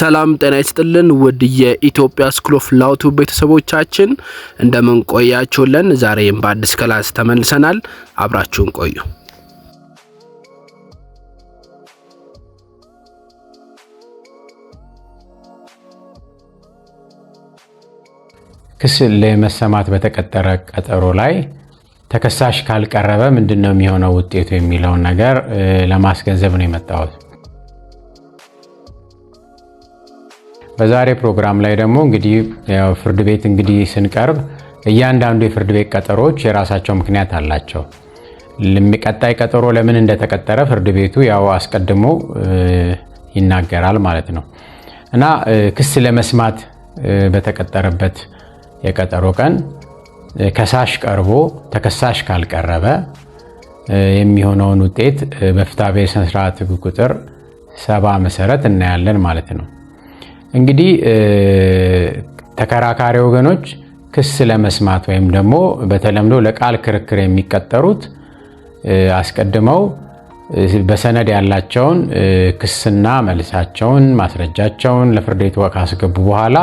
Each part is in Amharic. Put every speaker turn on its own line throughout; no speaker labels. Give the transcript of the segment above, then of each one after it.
ሰላም ጤና ይስጥልን ውድ የኢትዮጵያ ስኩል ኦፍ ላውቱ ቤተሰቦቻችን እንደምን ቆያችሁልን? ዛሬም በአዲስ ክላስ ተመልሰናል። አብራችሁን ቆዩ።
ክስ ለመሰማት በተቀጠረ ቀጠሮ ላይ ተከሳሽ ካልቀረበ ምንድን ነው የሚሆነው ውጤቱ የሚለውን ነገር ለማስገንዘብ ነው የመጣሁት። በዛሬ ፕሮግራም ላይ ደግሞ እንግዲህ ፍርድ ቤት እንግዲህ ስንቀርብ እያንዳንዱ የፍርድ ቤት ቀጠሮዎች የራሳቸው ምክንያት አላቸው። ቀጣይ ቀጠሮ ለምን እንደተቀጠረ ፍርድ ቤቱ ያው አስቀድሞ ይናገራል ማለት ነው እና ክስ ለመስማት በተቀጠረበት የቀጠሮ ቀን ከሳሽ ቀርቦ ተከሳሽ ካልቀረበ የሚሆነውን ውጤት በፍትሐ ብሔር ስነ ስርዓት ሕግ ቁጥር ሰባ መሰረት እናያለን ማለት ነው። እንግዲህ ተከራካሪ ወገኖች ክስ ለመስማት ወይም ደግሞ በተለምዶ ለቃል ክርክር የሚቀጠሩት አስቀድመው በሰነድ ያላቸውን ክስና መልሳቸውን ማስረጃቸውን ለፍርድ ቤቱ ካስገቡ በኋላ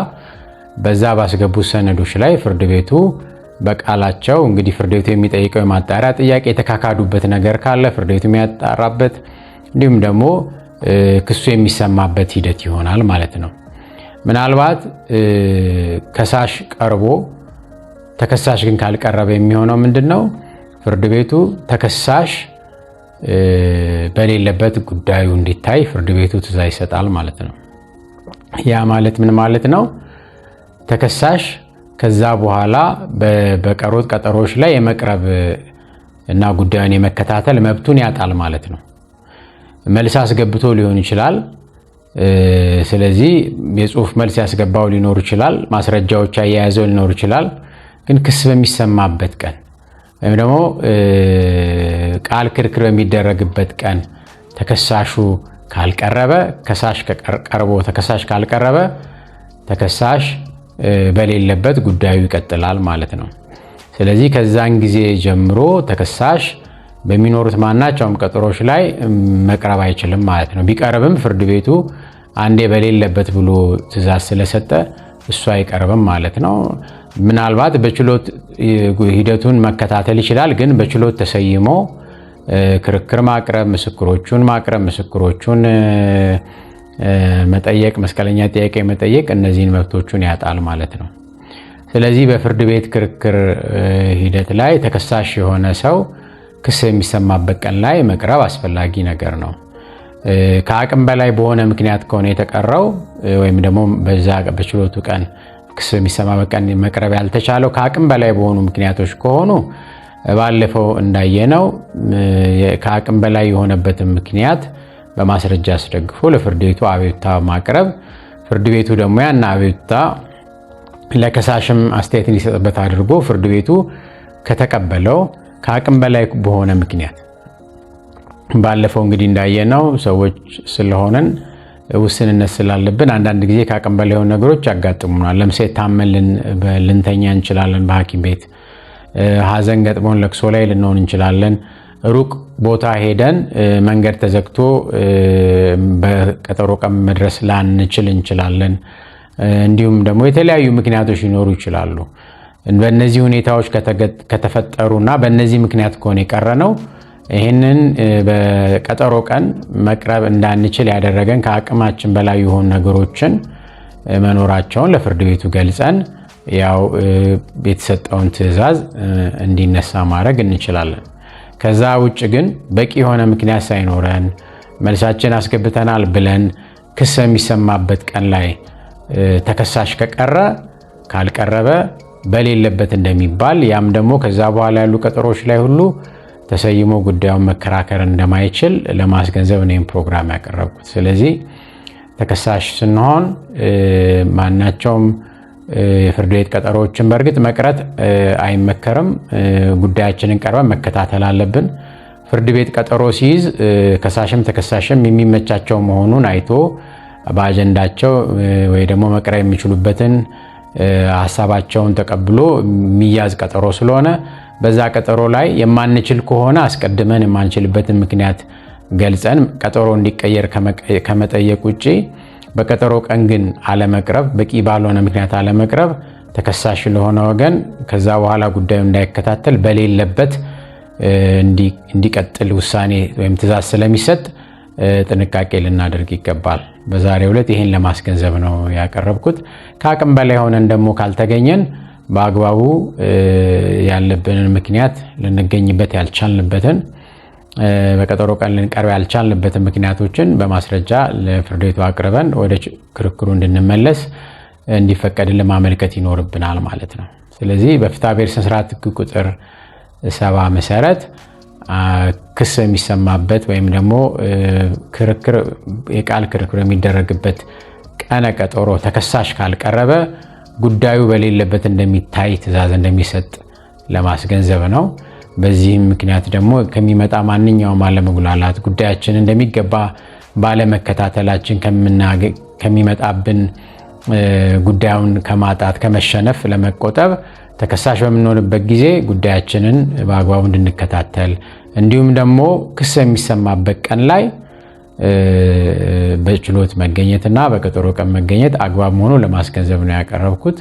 በዛ ባስገቡ ሰነዶች ላይ ፍርድ ቤቱ በቃላቸው እንግዲህ ፍርድ ቤቱ የሚጠይቀው የማጣሪያ ጥያቄ የተካካዱበት ነገር ካለ ፍርድ ቤቱ የሚያጣራበት እንዲሁም ደግሞ ክሱ የሚሰማበት ሂደት ይሆናል ማለት ነው። ምናልባት ከሳሽ ቀርቦ ተከሳሽ ግን ካልቀረበ የሚሆነው ምንድን ነው? ፍርድ ቤቱ ተከሳሽ በሌለበት ጉዳዩ እንዲታይ ፍርድ ቤቱ ትዕዛዝ ይሰጣል ማለት ነው። ያ ማለት ምን ማለት ነው? ተከሳሽ ከዛ በኋላ በቀሩት ቀጠሮች ላይ የመቅረብ እና ጉዳዩን የመከታተል መብቱን ያጣል ማለት ነው። መልስ አስገብቶ ሊሆን ይችላል ስለዚህ የጽሁፍ መልስ ያስገባው ሊኖር ይችላል፣ ማስረጃዎች አያያዘው ሊኖር ይችላል። ግን ክስ በሚሰማበት ቀን ወይም ደግሞ ቃል ክርክር በሚደረግበት ቀን ተከሳሹ ካልቀረበ ከሳሽ ቀርቦ ተከሳሽ ካልቀረበ ተከሳሽ በሌለበት ጉዳዩ ይቀጥላል ማለት ነው። ስለዚህ ከዛን ጊዜ ጀምሮ ተከሳሽ በሚኖሩት ማናቸውም ቀጠሮች ላይ መቅረብ አይችልም ማለት ነው። ቢቀርብም ፍርድ ቤቱ አንዴ በሌለበት ብሎ ትእዛዝ ስለሰጠ እሱ አይቀርብም ማለት ነው። ምናልባት በችሎት ሂደቱን መከታተል ይችላል። ግን በችሎት ተሰይሞ ክርክር ማቅረብ፣ ምስክሮቹን ማቅረብ፣ ምስክሮቹን መጠየቅ፣ መስቀለኛ ጥያቄ መጠየቅ እነዚህን መብቶቹን ያጣል ማለት ነው። ስለዚህ በፍርድ ቤት ክርክር ሂደት ላይ ተከሳሽ የሆነ ሰው ክስ የሚሰማበት ቀን ላይ መቅረብ አስፈላጊ ነገር ነው። ከአቅም በላይ በሆነ ምክንያት ከሆነ የተቀረው ወይም ደግሞ በዛ በችሎቱ ቀን ክስ የሚሰማበት ቀን መቅረብ ያልተቻለው ከአቅም በላይ በሆኑ ምክንያቶች ከሆኑ ባለፈው እንዳየነው ከአቅም በላይ የሆነበትን ምክንያት በማስረጃ አስደግፎ ለፍርድ ቤቱ አቤቱታ ማቅረብ ፍርድ ቤቱ ደግሞ ያን አቤቱታ ለከሳሽም አስተያየት እንዲሰጥበት አድርጎ ፍርድ ቤቱ ከተቀበለው ከአቅም በላይ በሆነ ምክንያት ባለፈው እንግዲህ እንዳየነው ሰዎች ስለሆነን ውስንነት ስላለብን አንዳንድ ጊዜ ከአቅም በላይ የሆኑ ነገሮች ያጋጥሙናል። ለምሳሌ ታመን ልንተኛ እንችላለን በሐኪም ቤት። ሀዘን ገጥሞን ለቅሶ ላይ ልንሆን እንችላለን። ሩቅ ቦታ ሄደን መንገድ ተዘግቶ በቀጠሮ ቀን መድረስ ላንችል እንችላለን። እንዲሁም ደግሞ የተለያዩ ምክንያቶች ሊኖሩ ይችላሉ። በእነዚህ ሁኔታዎች ከተፈጠሩና በእነዚህ ምክንያት ከሆነ የቀረ ነው ይህንን በቀጠሮ ቀን መቅረብ እንዳንችል ያደረገን ከአቅማችን በላይ የሆኑ ነገሮችን መኖራቸውን ለፍርድ ቤቱ ገልጸን ያው የተሰጠውን ትዕዛዝ እንዲነሳ ማድረግ እንችላለን። ከዛ ውጭ ግን በቂ የሆነ ምክንያት ሳይኖረን መልሳችን አስገብተናል ብለን ክስ የሚሰማበት ቀን ላይ ተከሳሽ ከቀረ ካልቀረበ በሌለበት እንደሚባል ያም ደግሞ ከዛ በኋላ ያሉ ቀጠሮች ላይ ሁሉ ተሰይሞ ጉዳዩን መከራከር እንደማይችል ለማስገንዘብ እኔም ፕሮግራም ያቀረብኩት። ስለዚህ ተከሳሽ ስንሆን ማናቸውም የፍርድ ቤት ቀጠሮዎችን በእርግጥ መቅረት አይመከርም። ጉዳያችንን ቀርበን መከታተል አለብን። ፍርድ ቤት ቀጠሮ ሲይዝ ከሳሽም ተከሳሽም የሚመቻቸው መሆኑን አይቶ በአጀንዳቸው ወይ ደግሞ መቅረብ የሚችሉበትን ሀሳባቸውን ተቀብሎ የሚያዝ ቀጠሮ ስለሆነ በዛ ቀጠሮ ላይ የማንችል ከሆነ አስቀድመን የማንችልበትን ምክንያት ገልጸን ቀጠሮ እንዲቀየር ከመጠየቅ ውጭ በቀጠሮ ቀን ግን አለመቅረብ፣ በቂ ባልሆነ ምክንያት አለመቅረብ ተከሳሽ ለሆነ ወገን ከዛ በኋላ ጉዳዩ እንዳይከታተል በሌለበት እንዲቀጥል ውሳኔ ወይም ትእዛዝ ስለሚሰጥ ጥንቃቄ ልናደርግ ይገባል። በዛሬው ዕለት ይህን ለማስገንዘብ ነው ያቀረብኩት። ከአቅም በላይ ሆነን ደግሞ ካልተገኘን በአግባቡ ያለብንን ምክንያት ልንገኝበት ያልቻልንበትን በቀጠሮ ቀን ልንቀርብ ያልቻልንበትን ምክንያቶችን በማስረጃ ለፍርድ ቤቱ አቅርበን ወደ ክርክሩ እንድንመለስ እንዲፈቀድልን ማመልከት ይኖርብናል ማለት ነው። ስለዚህ በፍትሐብሔር ሥነ ሥርዓት ሕግ ቁጥር ሰባ መሰረት ክስ የሚሰማበት ወይም ደግሞ ክርክር የቃል ክርክር የሚደረግበት ቀነ ቀጠሮ ተከሳሽ ካልቀረበ ጉዳዩ በሌለበት እንደሚታይ ትእዛዝ እንደሚሰጥ ለማስገንዘብ ነው። በዚህም ምክንያት ደግሞ ከሚመጣ ማንኛውም አለመጉላላት ጉዳያችን እንደሚገባ ባለመከታተላችን ከሚመጣብን ጉዳዩን ከማጣት ከመሸነፍ ለመቆጠብ ተከሳሽ በምንሆንበት ጊዜ ጉዳያችንን በአግባቡ እንድንከታተል እንዲሁም ደግሞ ክስ የሚሰማበት ቀን ላይ በችሎት መገኘትና በቀጠሮ ቀን መገኘት አግባብ መሆኑን ለማስገንዘብ ነው ያቀረብኩት።